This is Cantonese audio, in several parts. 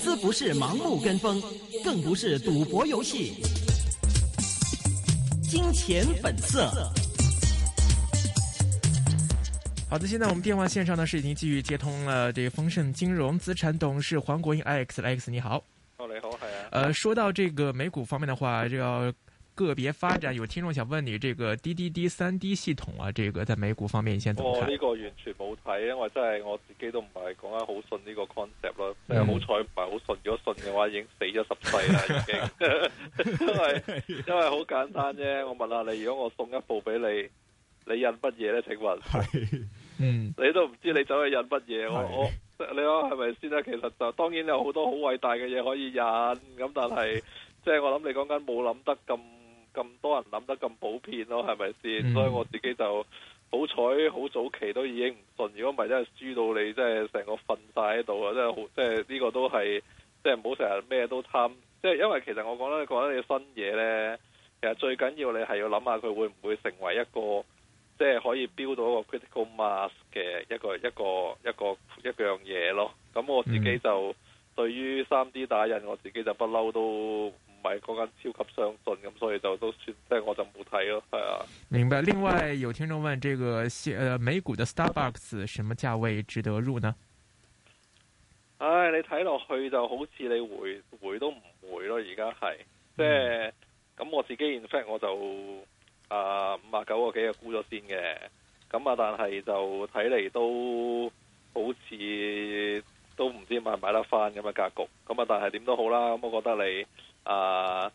資不是盲目跟風，更不是賭博遊戲。金錢本色。好的，現在我們電話線上呢是已經繼續接通了這豐盛金融資產董事黃國英，Alex，Alex，你好。你好，呃，說到這個美股方面的話，就要。特別發展有聽眾想問你，這個滴滴滴三 D 系統啊，這個在美股方面你先點睇？我呢、哦這個完全冇睇，因為真係我自己都唔係講得好順呢個 concept 咯。真係好彩唔係好順，如果順嘅話已經死咗十世啦，已經。因為 因為好簡單啫，我問下你，如果我送一部俾你，你印乜嘢咧？請問係，是嗯，你都唔知你走去印乜嘢，我是我你講係咪先啦？其實就當然有好多好偉大嘅嘢可以印，咁但係即係我諗你講緊冇諗得咁。咁多人諗得咁普遍咯，係咪先？嗯、所以我自己就好彩，好早期都已經唔信。如果唔係真係輸到你即係成個瞓晒喺度啊！真係好，即係呢個都係即係唔好成日咩都貪。即係因為其實我覺得，覺得你啲新嘢呢，其實最緊要你係要諗下佢會唔會成為一個即係可以標到一個 critical mass 嘅一個一個一個一樣嘢咯。咁我自己就、嗯、對於 3D 打印，我自己就不嬲都。唔係嗰間超級相信咁，所以就都算。即係我就冇睇咯，係啊。明白。另外有聽眾問，這個誒美股嘅 Starbucks 什麼價位值得入呢？唉、哎，你睇落去就好似你回回都唔回咯。而家係即係咁，嗯、我自己 in fact 我就啊五啊九個幾啊沽咗先嘅。咁啊，但係就睇嚟都好似都唔知買唔買得翻咁嘅格局。咁啊，但係點都好啦，咁我覺得你。啊，uh,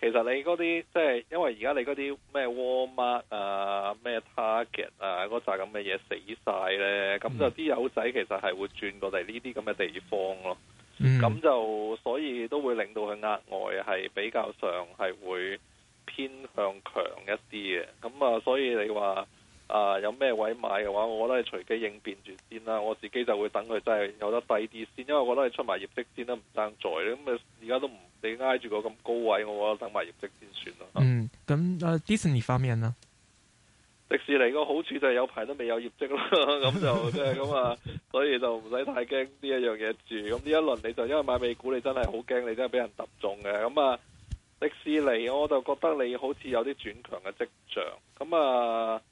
其實你嗰啲即係，因為而家你嗰啲咩 war 馬啊、咩 target 啊嗰扎咁嘅嘢死晒咧，咁就啲友仔其實係會轉過嚟呢啲咁嘅地方咯。咁就所以都會令到佢額外係比較上係會偏向強一啲嘅。咁啊，所以你話。啊，uh, 有咩位買嘅話，我覺得係隨機應變住先啦。我自己就會等佢真係有得低啲先，因為我覺得你出埋業績先都唔爭在。咁啊，而家都唔你挨住個咁高位，我覺得等埋業績先算啦。嗯，咁啊、呃，迪士尼方面呢？迪士尼個好處就係有排都未有業績咯，咁 就即係咁啊，所以就唔使太驚呢一樣嘢住。咁呢一輪你就因為買美股你，你真係好驚你真係俾人揼中嘅。咁、嗯、啊，迪士尼我就覺得你好似有啲轉強嘅跡象。咁、嗯、啊。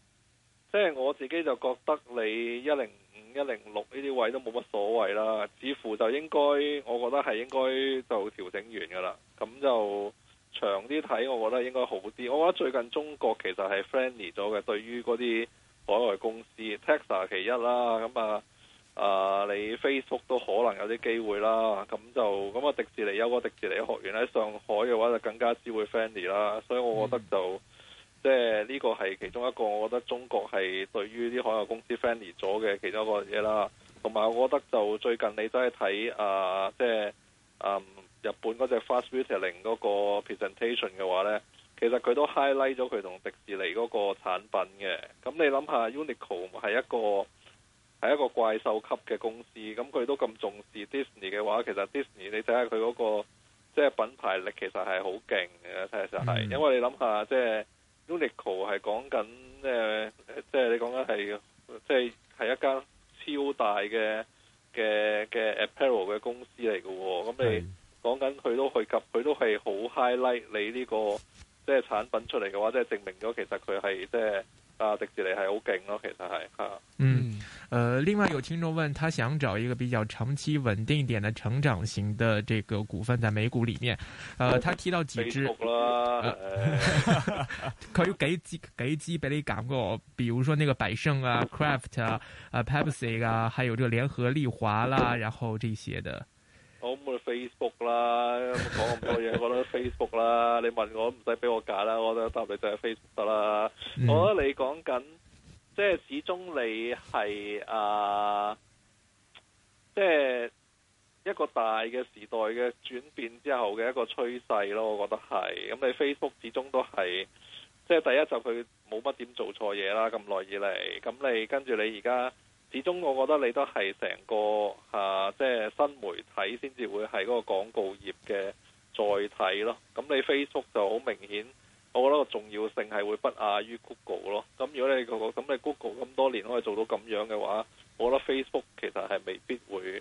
即係我自己就覺得你一零五一零六呢啲位都冇乜所謂啦，似乎就應該，我覺得係應該就調整完㗎啦。咁就長啲睇，我覺得應該好啲。我覺得最近中國其實係 friendly 咗嘅，對於嗰啲海外公司，Tesla 其一啦，咁啊啊，你 Facebook 都可能有啲機會啦。咁就咁啊，迪士尼有個迪士尼學員喺上海嘅話，就更加知會 friendly 啦。所以我覺得就。嗯即係呢個係其中一個，我覺得中國係對於啲海外公司 friendly 咗嘅其中一個嘢啦。同埋我覺得就最近你都係睇啊，即、呃、係、就是嗯、日本嗰隻 Fast Retailing 嗰個 presentation 嘅話呢，其實佢都 highlight 咗佢同迪士尼嗰個產品嘅。咁你諗下，Uniqlo 係一個係一個怪獸級嘅公司，咁佢都咁重視 Disney 嘅話，其實 Disney 你睇下佢嗰個即係、就是、品牌力其實係好勁嘅，睇嚟係因為你諗下即係。就是 Uniqlo 係講緊誒，即係、呃就是、你講緊係，即係係一間超大嘅嘅嘅 apparel 嘅公司嚟嘅喎。咁的你講緊佢都去及，佢都係好 highlight 你呢、這個即係、就是、產品出嚟嘅話，即、就、係、是、證明咗其實佢係即係。就是啊！迪士尼係好勁咯，其實係啊。嗯，呃，另外有聽眾問他想找一個比較長期穩定一點的成長型的這個股份在美股裏面。呃，他提到幾隻，佢有幾支幾支俾你揀過，比如說那個百勝啊、Craft 啊、誒、啊、Pepsi 啊，還有這個聯合利華啦，然後這些的。我冇 Facebook 啦，講咁多嘢，我覺得 Facebook 啦。你問我唔使俾我揀啦，我覺得答、嗯、你就係 Facebook 得啦。我覺得你講緊，即係始終你係啊，即係一個大嘅時代嘅轉變之後嘅一個趨勢咯。我覺得係。咁你 Facebook 始終都係，即係第一就，佢冇乜點做錯嘢啦。咁耐以嚟，咁你跟住你而家。始終，我覺得你都係成個嚇，即、啊、係、就是、新媒體先至會係嗰個廣告業嘅載體咯。咁你 Facebook 就好明顯，我覺得個重要性係會不亞於 Google 咯。咁如果你個咁你 Google 咁多年可以做到咁樣嘅話，我覺得 Facebook 其實係未必會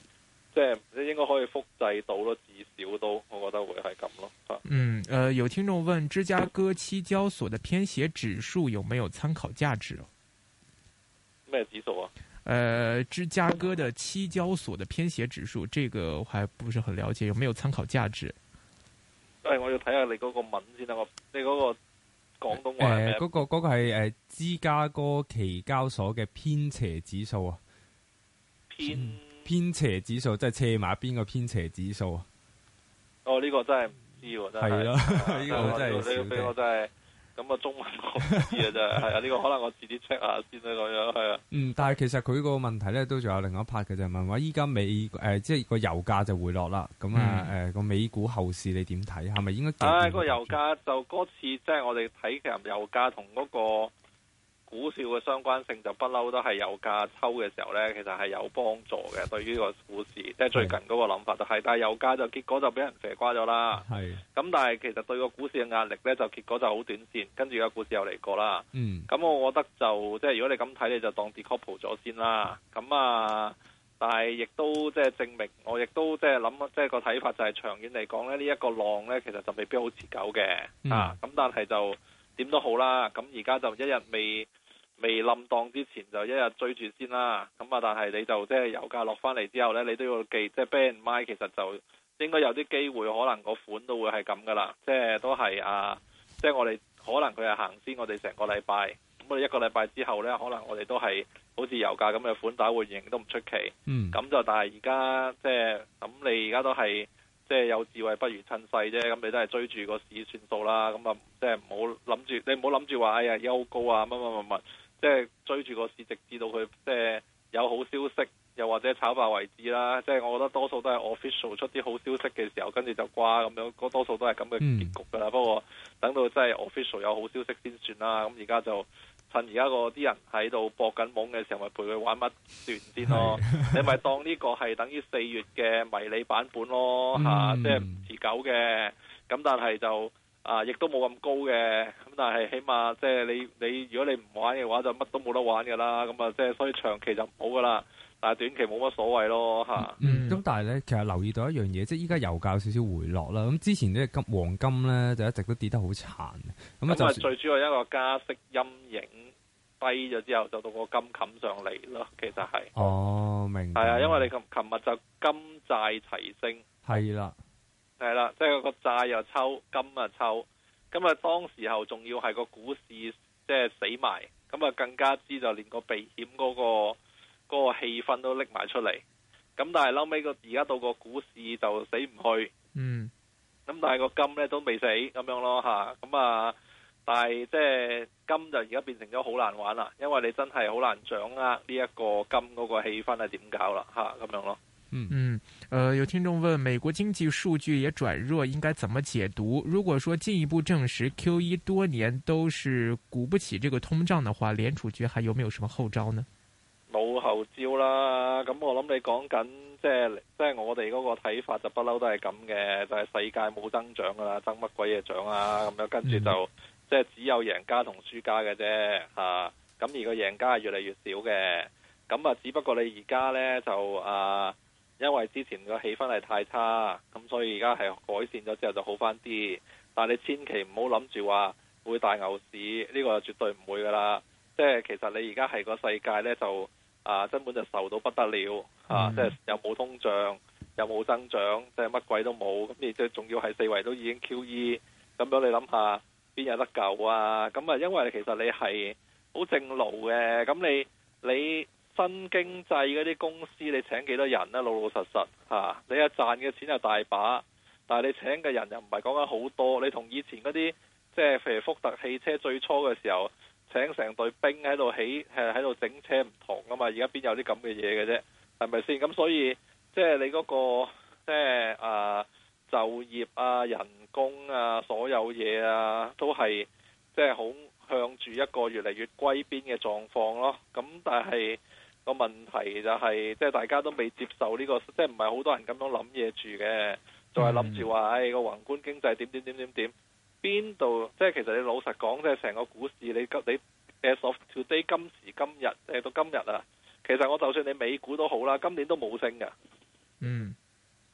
即係、就是、應該可以複製到咯。至少都，我覺得會係咁咯。嗯，誒、呃、有聽眾問芝加哥期交所嘅偏斜指數有冇有參考價值？咩指數啊？誒、呃，芝加哥的期交所的偏斜指數，這個我還不是很了解，有沒有參考價值？誒、哎，我要睇下你嗰個文先得，我你嗰個廣東話誒，呃那個嗰、那個係誒、呃、芝加哥期交所嘅偏斜指數啊，偏偏斜指數即係車馬邊個偏斜指數啊？哦，呢個真係唔知喎，真係。咯，呢個真係。呢個真係。咁啊，中文我知嘅啫，係啊，呢個可能我自己 check 下先啦，咁樣係啊。嗯，但係其實佢個問題咧，都仲有另一 part 嘅，就係問話依家美誒、呃，即係個油價就回落啦。咁啊誒，個、呃、美股後市你點睇？係咪應該？誒、啊，嗰個油價就嗰次即係我哋睇嘅油價同嗰、嗰個。股市嘅相關性就不嬲，都係有價抽嘅時候呢，其實係有幫助嘅，對於個股市，即係最近嗰個諗法就係、係。但係有價就結果就俾人啡瓜咗啦。咁係但係其實對個股市嘅壓力呢，就結果就好短線，跟住個股市又嚟過啦。咁、嗯、我，我覺得就即係如果你咁睇，你就當 decouple 咗先啦。咁啊，但係亦都即係證明我亦都即係諗，即係個睇法就係長遠嚟講呢，呢、呢、一個浪呢，其實就未必好持久嘅。嗯、啊。咁但係就點都好啦。咁而家就一日未。未冧檔之前就一日追住先啦，咁啊！但係你就即係、就是、油價落翻嚟之後呢，你都要記，即、就、係、是、band 其實就應該有啲機會，可會、就是是啊就是，可能個款都會係咁噶啦，即係都係啊！即係我哋可能佢係行先我，我哋成個禮拜，咁我哋一個禮拜之後呢，可能我哋都係好似油價咁嘅款打換型都唔出奇。嗯、mm.。咁就但係而家即係咁，你而家都係即係有智慧不如趁勢啫，咁你都係追住個市算數啦。咁啊，即係唔好諗住，你唔好諗住話哎呀優高啊乜乜乜乜。即係追住個市值至到佢，即係、就是、有好消息，又或者炒爆為止啦。即、就、係、是、我覺得多數都係 official 出啲好消息嘅時候，跟住就瓜咁樣，多多數都係咁嘅結局噶啦。嗯、不過等到真係 official 有好消息先算啦。咁而家就趁而家個啲人喺度搏緊懵嘅時候，咪陪佢玩乜段先咯。是 你咪當呢個係等於四月嘅迷你版本咯，吓、啊，嗯、即係唔持久嘅。咁但係就啊，亦都冇咁高嘅。但係，起碼即係你你，你如果你唔玩嘅話，就乜都冇得玩噶啦。咁啊，即係所以長期就唔好噶啦。但係短期冇乜所謂咯，吓、嗯。咁、嗯、但係咧，其實留意到一樣嘢，即係依家油價有少少回落啦。咁之前咧金黃金咧就一直都跌得好殘。咁啊，因為、嗯、最主要一個加息陰影低咗之後，就到個金冚上嚟咯。其實係。哦，明白。係啊，因為你琴琴日就金債齊升。係啦，係啦，即、就、係、是、個債又抽，金啊抽。咁啊，嗯、當時候仲要係個股市即係死埋，咁啊更加之就連避險、那個避險嗰個嗰個氣氛都拎埋出嚟。咁但係後尾個而家到個股市就死唔去，嗯。咁但係個金咧都未死，咁樣咯吓。咁啊，但係即係金就而家變成咗好難玩啦，因為你真係好難掌握呢一個金嗰個氣氛係點搞啦吓，咁樣咯。嗯嗯，誒、呃，有聽眾問美國經濟數據也轉弱，應該怎麼解讀？如果說進一步證實 QE 多年都是估不起這個通脹的話，聯儲局還有沒有什麼後招呢？冇後招啦，咁我諗你講緊即係即係我哋嗰個睇法就不嬲都係咁嘅，就係、是、世界冇增長噶啦，增乜鬼嘢長啊咁樣，跟住就、嗯、即係只有贏家同輸家嘅啫吓，咁、啊、而個贏家係越嚟越少嘅，咁啊只不過你而家咧就啊。因為之前個氣氛係太差，咁所以而家係改善咗之後就好翻啲。但係你千祈唔好諗住話會大牛市，呢、呢個就絕對唔會噶啦。即係其實你而家係個世界呢，就啊，根、呃、本就受到不得了、嗯、啊！即係又冇通脹，又冇增長，即係乜鬼都冇。咁而且仲要係四圍都已經 QE，咁樣你諗下邊有得救啊？咁啊，因為其實你係好正路嘅，咁你你。你新經濟嗰啲公司，你請幾多人呢？老老實實嚇、啊，你又賺嘅錢又大把，但係你請嘅人又唔係講緊好多。你同以前嗰啲，即係譬如福特汽車最初嘅時候，請成隊兵喺度起，喺度整車唔同啊嘛。而家邊有啲咁嘅嘢嘅啫？係咪先？咁所以即係、即係、你嗰、嗰個即係、即係呃、就業啊、人工啊、所有嘢啊，都係即係好向住一個越嚟越歸邊嘅狀況咯。咁但係。個問題就係、是，即係大家都未接受呢、這個，即係唔係好多人咁樣諗嘢住嘅，仲係諗住話，唉、哎，個宏觀經濟點點點點點，邊度，即係其實你老實講，即係成個股市你你誒，as of today 今時今日誒到今日啊，其實我就算你美股都好啦，今年都冇升噶，嗯，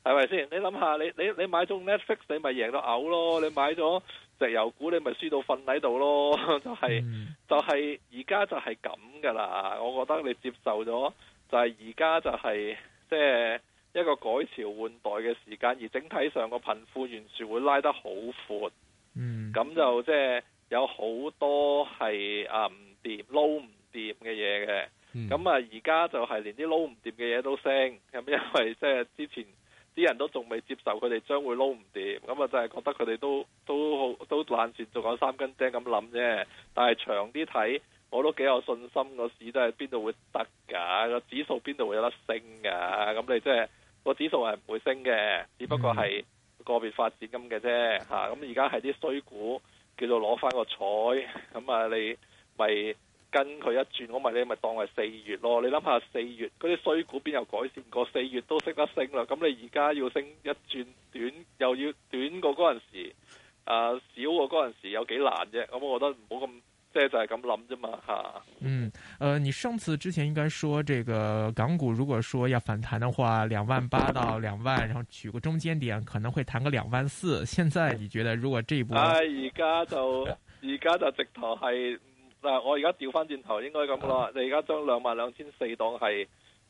係咪先？你諗下，你你你買中 Netflix，你咪贏到嘔咯，你買咗。石油股你咪輸到瞓喺度咯，就係、是、就係而家就係咁噶啦。我覺得你接受咗、就是，就係而家就係即係一個改朝換代嘅時間，而整體上個貧富懸殊會拉得好闊。咁、嗯、就即係有好多係啊唔掂撈唔掂嘅嘢嘅。咁啊而家就係連啲撈唔掂嘅嘢都升，係因為即係之前，啲人都仲未接受，佢哋將會撈唔掂，咁、嗯、啊，就係覺得佢哋都都好都爛住做咗三根釘咁諗啫。但係長啲睇，我都幾有信心個市都係邊度會得㗎個指數邊度會有得升㗎？咁、嗯、你即係個指數係唔會升嘅，只不過係個別發展咁嘅啫嚇。咁而家係啲衰股叫做攞翻個彩，咁、嗯、啊你咪。就是跟佢一轉，我咪你咪當係四月咯。你諗下四月嗰啲衰股邊有改善過？四月都識得升啦。咁你而家要升一轉短，又要短過嗰陣時，啊、呃、少過嗰陣時有幾難啫。咁我覺得唔好咁即係就係咁諗啫嘛吓。啊、嗯，誒、呃，你上次之前應該說，這個港股如果說要反彈嘅話，兩萬八到兩萬，然後取個中間點，可能會彈個兩萬四。現在你覺得如果這一波，啊、哎，而家就而家就直頭係。 嗱、啊，我而家調翻轉頭，應該咁啦。啊、你而家將兩萬兩千四當係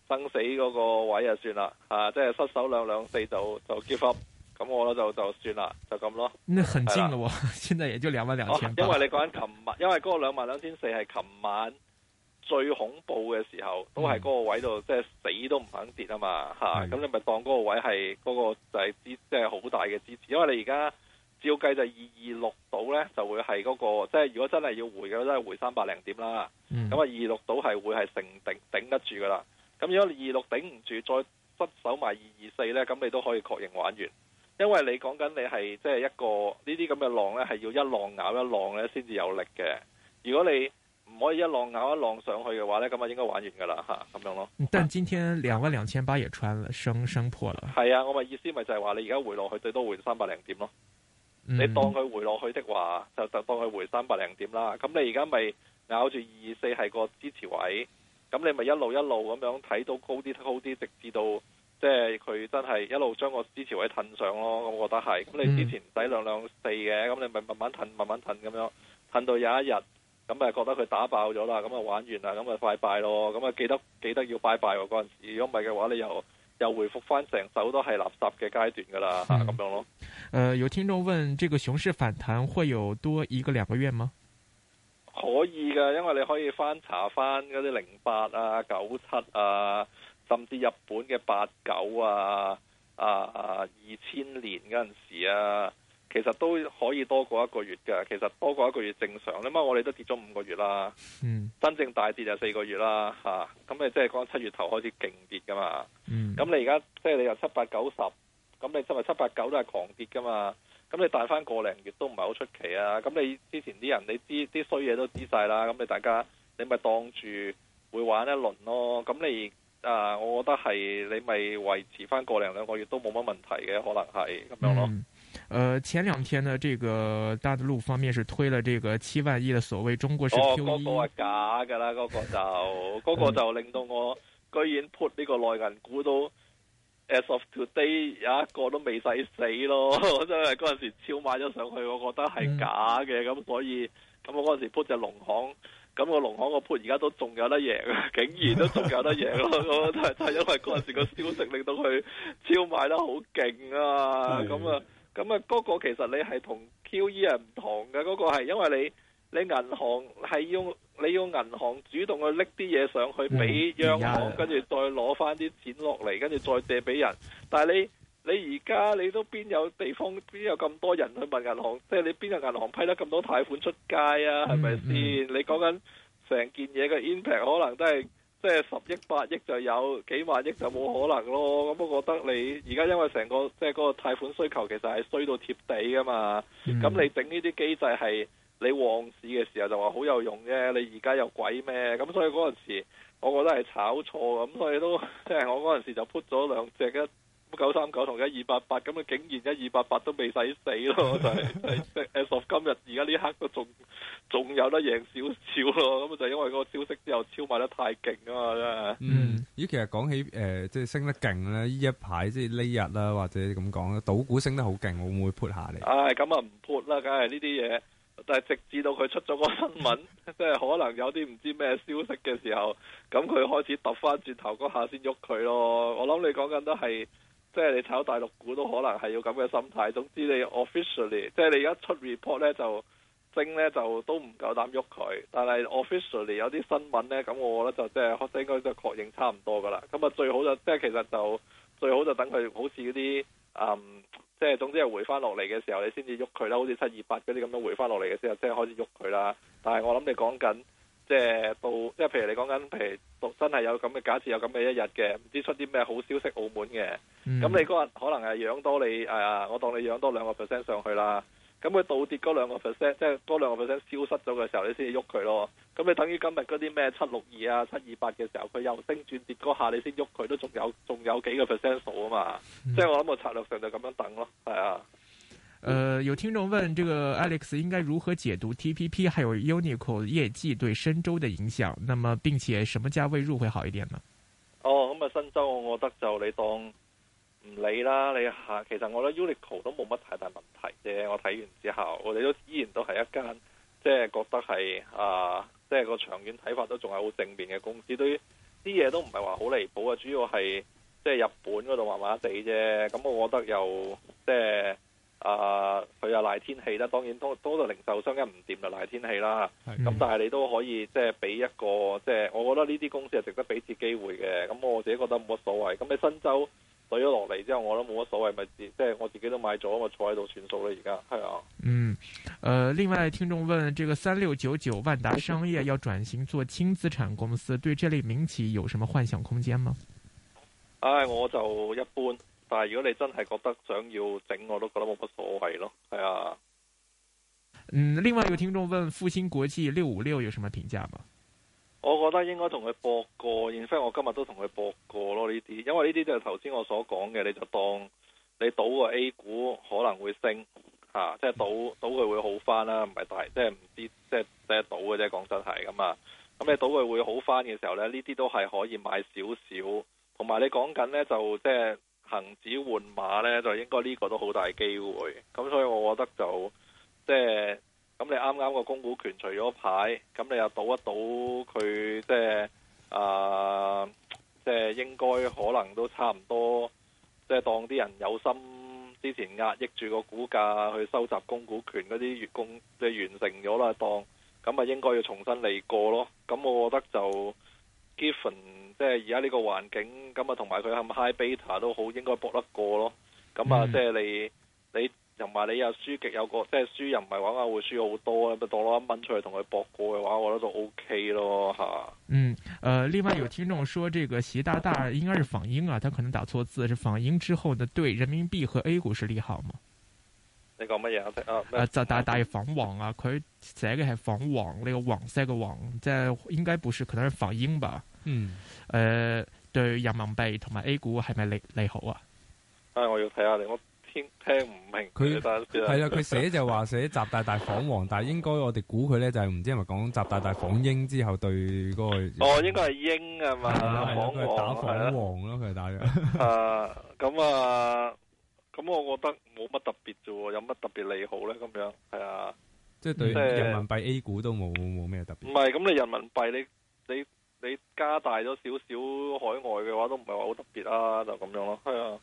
生死嗰個位就啊，算啦，吓，即係失手兩兩四就就 give up，咁、啊、我就就算啦，就咁咯。那很近咯，我啦，現在也就兩萬兩千。因為你講緊琴晚，因為嗰個兩萬兩千四係琴晚最恐怖嘅時候，都係嗰個位度，即係死都唔肯跌啊嘛，吓、啊，咁的你咪當嗰個位係嗰個就係、是就是、支，即係好大嘅支持，因為你而家。要計就二二六度呢，就會係嗰、那個即係。如果真係要回嘅，都、就、係、是、回三百零點啦。咁啊、嗯，二六度係會係成頂頂得住噶啦。咁如果二六頂唔住，再失守埋二二四呢，咁你都可以確認玩完，因為你講緊你係即係一個呢啲咁嘅浪呢，係要一浪咬一浪，咬一浪呢先至有力嘅。如果你唔可以一浪咬一浪上去嘅話呢，咁啊應該玩完噶啦嚇咁樣咯。但係今天兩萬兩千八也穿了，升升破了。係啊，啊，我嘅意思咪就係話你而家回落去最多回三百零點咯。Mm hmm. 你當佢回落去的話，就就當佢回三百零點啦。咁你而家咪咬住二四係個支持位，咁你咪一路一路咁樣睇到高啲高啲，直至到即係佢真係一路將個支持位褪上咯。咁我覺得係。咁你之前唔使兩兩四嘅，咁你咪慢慢褪慢慢褪咁樣褪到有一日，咁咪覺得佢打爆咗啦，咁啊玩完啦，咁咪拜拜咯。咁啊記得記得要拜拜喎。嗰陣時，如果唔係嘅話，你又～又回復翻成首都係垃圾嘅階段噶啦，咁、嗯、樣咯。誒、呃，有聽眾問，這個熊市反彈會有多一個兩個月嗎？可以噶，因為你可以翻查翻嗰啲零八啊、九七啊，甚至日本嘅八九啊、啊二千年嗰陣時啊。其實都可以多過一個月嘅，其實多過一個月正常。你諗我哋都跌咗五個月啦。嗯，真正大跌就四個月啦。嚇，咁你即係講七月頭開始勁跌噶嘛。嗯，咁你而家即係你由七八九十，咁你即係七八九都係狂跌噶嘛。咁你帶翻個零月都唔係好出奇啊。咁你之前啲人你知啲衰嘢都知晒啦。咁你大家你咪當住會玩一輪咯。咁你啊、呃，我覺得係你咪維持翻個零兩個月都冇乜問題嘅，可能係咁樣咯。嗯嗯誒、呃，前兩天呢，這個大陸方面是推了這個七萬億嘅所謂中國式 QE，嗰、哦那個係假噶啦，嗰、那個就 個就令到我居然 put 呢個內銀股到 as of today 有一個都未使死咯，我真係嗰陣時超買咗上去，我覺得係假嘅，咁、嗯、所以咁我嗰陣時 put 隻農行，咁個農行個 put 而家都仲有得贏，竟然都仲有得贏咯，都係 因為嗰陣時個消息令到佢超買得好勁啊，咁啊、嗯。 咁啊，嗰個其實你係、e、同 QE 係唔同嘅，嗰、嗰個係因為你你銀行係要你要銀行主動去拎啲嘢上去俾央行，跟住、嗯、再攞翻啲錢落嚟，跟住再借俾人。但係你你而家你都邊有地方邊有咁多人去問銀行？即係你邊個銀行批得咁多貸款出街啊？係咪、嗯、先？嗯、你講緊成件嘢嘅 impact 可能都係。即係十億、八億就有，幾萬億就冇可能咯。咁我覺得你而家因為成個即係嗰個貸款需求其實係衰到貼地噶嘛。咁、嗯、你整呢啲機制係你旺市嘅時候就話好有用啫。你而家有鬼咩？咁所以嗰陣時，我覺得係炒錯。咁所以都即係我嗰陣時就 put 咗兩隻一。九三九同一二八八，咁啊，竟然一二八八都未使死咯，就係誒今日而家呢刻都仲仲有得贏少少咯，咁啊，就因為嗰個消息之後超買得太勁啊嘛，真係。嗯，咦，其實講起誒，即、呃、係、就是、升得勁咧，呢一排即係呢日啦，或者咁講咧，賭股升得好勁，會唔會 put 下你？唉、哎，咁啊，唔 put 啦，梗係呢啲嘢。但係直至到佢出咗個新聞， 即係可能有啲唔知咩消息嘅時候，咁佢開始揼翻轉頭嗰下先喐佢咯。我諗你講緊都係。即係你炒大陸股都可能係要咁嘅心態。總之你 officially，即係你一出 report 咧就升咧就都唔夠膽喐佢。但係 officially 有啲新聞咧，咁我覺得就即係應該就確認差唔多噶啦。咁啊最好就即係其實就最好就等佢好似嗰啲嗯，即係總之係回翻落嚟嘅時候，你先至喐佢啦。好似七二八嗰啲咁樣回翻落嚟嘅時候，即係開始喐佢啦。但係我諗你講緊。即係到即係譬如你講緊，譬如到真係有咁嘅假設有，有咁嘅一日嘅，唔知出啲咩好消息澳門嘅，咁、嗯、你嗰日可能係養多你誒、啊，我當你養多兩個 percent 上去啦。咁佢倒跌嗰兩個 percent，即係嗰兩個 percent 消失咗嘅時候，你先至喐佢咯。咁你等於今日嗰啲咩七六二啊、七二八嘅時候，佢又升轉跌嗰下你，你先喐佢，都仲有仲有幾個 percent 數啊嘛。即係、嗯、我諗個策略上就咁樣等咯，係啊。誒、呃，有聽眾問，這個 Alex 應該如何解讀 TPP，還有 Uniqlo 業績對新州的影響？那麼，並且什麼價位入會好一啲呢？哦，咁、嗯、啊，新州我覺得就你當唔理啦。你下、啊，其實我覺得 Uniqlo 都冇乜太大問題啫。我睇完之後，我哋都依然都係一間，即係覺得係啊，即係個長遠睇法都仲係好正面嘅公司。對於啲嘢都唔係話好離譜啊，主要係即係日本嗰度麻麻地啫。咁我覺得又即係。啊，佢、呃、又賴天氣啦，當然多多到零售商一唔掂就賴天氣啦。咁的、嗯、但係你都可以即係俾一個即係，我覺得呢啲公司係值得俾次機會嘅。咁我自己覺得冇乜所謂。咁你新州對咗落嚟之後，我都冇乜所謂，咪、就是、即係我自己都買咗，咪坐喺度算數啦。而家係啊。嗯，誒、呃，另外聽眾問：這個三六九九萬達商業要轉型做輕資產公司，對這類民企有什麼幻想空間嗎？唉、哎，我就一般，但係如果你真係覺得想要整，我都覺得冇乜所謂咯。係啊，嗯，另外一個聽眾問：復興國際六五六有什麼評價嗎？我覺得應該同佢博過，因為我今日都同佢博過咯。呢啲因為呢啲就係頭先我所講嘅，你就當你賭個 A 股可能會升，吓、啊，即係賭賭佢會好翻啦，唔係大，即係唔知，即係即係賭嘅啫。講真係噶嘛，咁你賭佢會好翻嘅時候咧，呢啲都係可以買少少。同埋你講緊咧，就即係。行指換馬呢，就應該呢個都好大機會。咁所以，我覺得就即係咁。就是、你啱啱個供股權除咗牌，咁你又賭一賭佢，即係啊，即、呃、係、就是、應該可能都差唔多。即、就、係、是、當啲人有心之前壓抑住個股價去收集供股權嗰啲月供，即係、就是、完成咗啦，當咁啊，應該要重新嚟過咯。咁我覺得就，given。即係而家呢個環境咁啊，同埋佢係咪 high beta 都好，應該博得過咯。咁啊，即係你你同埋你又輸極有個，即係輸又唔係玩玩會輸好多啊。咪當攞一蚊出嚟同佢博過嘅話，我覺得就 O K 咯嚇。嗯，誒、嗯呃，另外有聽眾說，這個習大大應該是仿英啊，他可能打錯字，是仿英之後呢，對人民幣和 A 股是利好嘛？你講乜嘢啊？啊，大」打打嘅仿王啊？佢、啊、寫嘅係仿王，那、這個王寫個王即係應該不是，可能是仿英吧？嗯，誒、呃，對人民幣同埋 A 股係咪利利好啊？啊、哎，我要睇下你，我聽聽唔明佢係啊。佢寫他就話寫習大大訪黃， 但應該我哋估佢咧，就係唔知，係咪講習大大訪英之後對嗰、那個哦，應該係英啊嘛，訪黃係咯，佢係打嘅。啊，咁啊、咁、嗯嗯嗯嗯、我覺得冇乜特別啫，有乜特別利好咧？咁樣係啊，即係對人民幣 A 股都冇冇咩特別。唔係，咁你人民幣你你。你你加大咗少少海外嘅話，都唔係話好特別啦、啊，就咁樣咯。係啊，誒、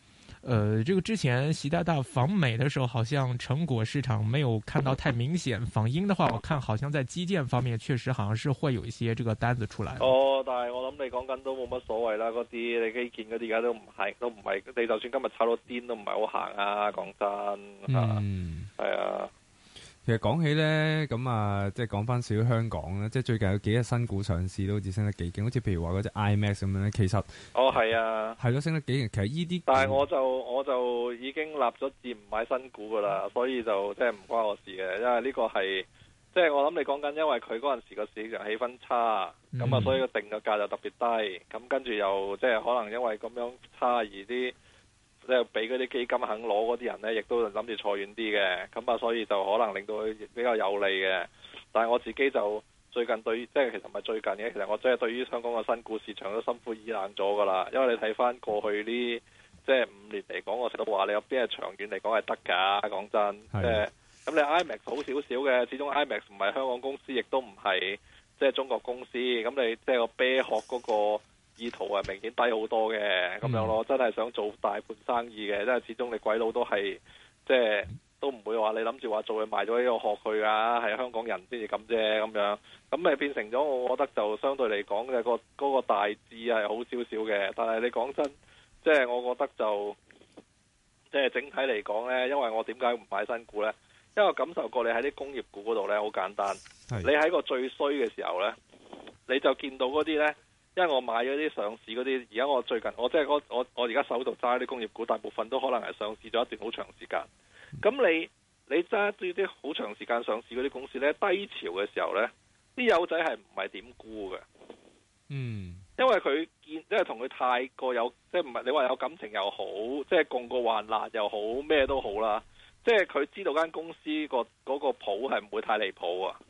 呃，這個之前習大大訪美的時候，好像成果市場沒有看到太明顯。訪英的話，我看好像在基建方面確實好像是會有一些這個單子出來。哦，但係我諗你講緊都冇乜所謂啦，嗰啲你基建嗰啲而家都唔係都唔係，你就算今日炒到癲都唔係好行啊，講真，嗯，係啊。其實講起咧，咁啊，即係講翻少香港啦。即係最近有幾隻新股上市都好似升得幾勁，好似譬如話嗰隻 IMAX 咁樣咧。其實哦係啊，係咯，升得幾勁。其實依啲，但係我就我就已經立咗志唔買新股噶啦，所以就即係唔關我事嘅，因為呢個係即係我諗你講緊，因為佢嗰陣時個市場氣氛差，咁啊、嗯、所以個定嘅價就特別低，咁跟住又即係可能因為咁樣差異啲。即係俾嗰啲基金肯攞嗰啲人咧，亦都諗住坐遠啲嘅，咁啊，所以就可能令到佢比較有利嘅。但係我自己就最近對即係其實唔係最近嘅，其實我真係對於香港個新股市場都心灰意冷咗噶啦。因為你睇翻過去呢，即係五年嚟講，我實都話你有邊啲係長遠嚟講係得㗎。講真，的即係咁你 IMAX 好少少嘅，始終 IMAX 唔係香港公司，亦都唔係即係中國公司。咁你即係個啤殼嗰個。意圖係明顯低好多嘅，咁、嗯、樣咯，真係想做大盤生意嘅，因為始終你鬼佬都係，即係都唔會話你諗住話做佢賣咗呢個學佢啊，係香港人先至咁啫，咁樣，咁咪變成咗，我覺得就相對嚟講嘅個嗰、那個大致係好少少嘅，但係你講真，即係我覺得就，即係整體嚟講呢，因為我點解唔買新股呢？因為我感受過你喺啲工業股嗰度呢，好簡單，的你喺個最衰嘅時候呢，你就見到嗰啲呢。因為我買咗啲上市嗰啲，而家我最近我即係我我而家手度揸啲工業股，大部分都可能係上市咗一段好長時間。咁、嗯、你你揸住啲好長時間上市嗰啲公司咧，低潮嘅時候咧，啲友仔係唔係點估嘅？嗯，因，因為佢見，因為同佢太過有，即係唔係你話有感情又好，即係共過患難又好，咩都好啦。即係佢知道間公司、個嗰個譜係唔會太離譜啊。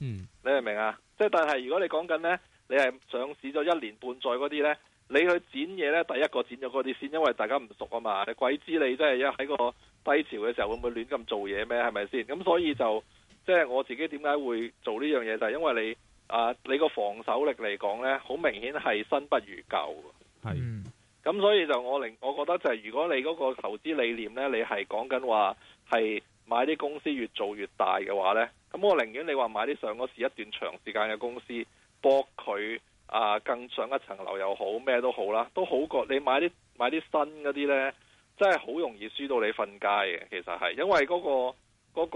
嗯，你明唔明啊？即係但係如果你講緊咧。你係上市咗一年半載嗰啲呢，你去揀嘢呢，第一個揀咗嗰啲先，因為大家唔熟啊嘛。你鬼知你真係一喺個低潮嘅時候會唔會亂咁做嘢咩？係咪先？咁所以就即係、就是、我自己點解會做呢樣嘢，就係、是、因為你啊，你個防守力嚟講呢，好明顯係新不如舊。係是。咁所以就我寧，我覺得就係如果你嗰個投資理念呢，你係講緊話係買啲公司越做越大嘅話呢，咁我寧願你話買啲上咗市一段長時間嘅公司。佢啊，更上一層樓又好咩都好啦，都好過你買啲買啲新嗰啲呢。真係好容易輸到你瞓街嘅。其實係因為嗰個個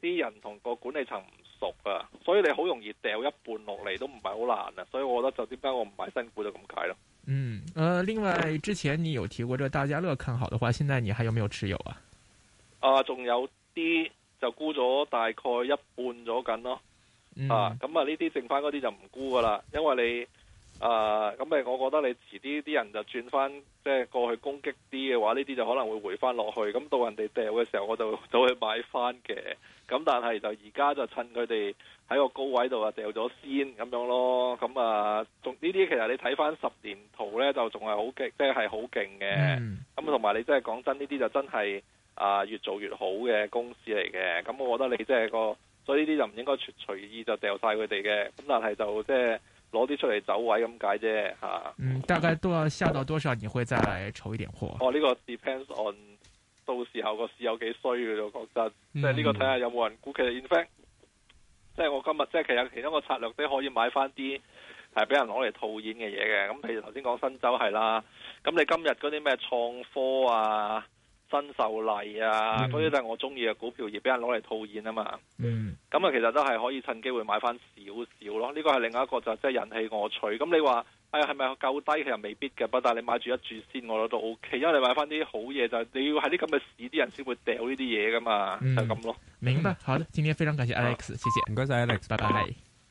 啲人同個管理層唔熟啊，所以你好容易掉一半落嚟都唔係好難啊。所以我覺得就點解我唔買新股就咁解咯。嗯，另外之前你有提過這大家樂看好的話，現在你還有沒有持有啊？啊、呃，仲有啲就沽咗大概一半咗緊咯。嗯、啊，咁啊呢啲剩翻嗰啲就唔沽噶啦，因為你啊，咁咪我覺得你遲啲啲人就轉翻，即係過去攻擊啲嘅話，呢啲就可能會回翻落去。咁到人哋掉嘅時候，我就走去買翻嘅。咁但係就而家就趁佢哋喺個高位度啊掉咗先咁樣咯。咁啊，仲呢啲其實你睇翻十年圖咧，就仲係好勁，即係好勁嘅。咁同埋你真係講真，呢啲就真係啊越做越好嘅公司嚟嘅。咁、嗯、我覺得你真係個。所以呢啲就唔應該隨意就掉晒佢哋嘅，咁但係就即係攞啲出嚟走位咁解啫嚇。啊、嗯，大概都要下到多少，你會再嚟籌一點貨？哦，呢、呢個 depends on 到時候個市有幾衰嘅就覺得，即係呢個睇下有冇人沽。其實 in fact，即係我今日即係其實其中一個策略都可以買翻啲係俾人攞嚟套現嘅嘢嘅。咁譬如頭先講新州係啦，咁你今日嗰啲咩創科啊？新秀麗啊，嗰啲，嗯、就我中意嘅股票，而俾人攞嚟套現啊嘛。嗯，咁啊，哎，其實都係可以趁機會買翻少少咯。呢個係另外一個就即係人氣我取。咁你話誒係咪夠低，佢又未必嘅，不但係你買住一注先，我覺得都 O K。因為你買翻啲好嘢就係，你要喺啲咁嘅市，啲人先會掉呢啲嘢噶嘛，嗯，就咁咯。明白，好嘅，今天非常感謝 Alex，好謝謝唔該晒 Alex，拜拜。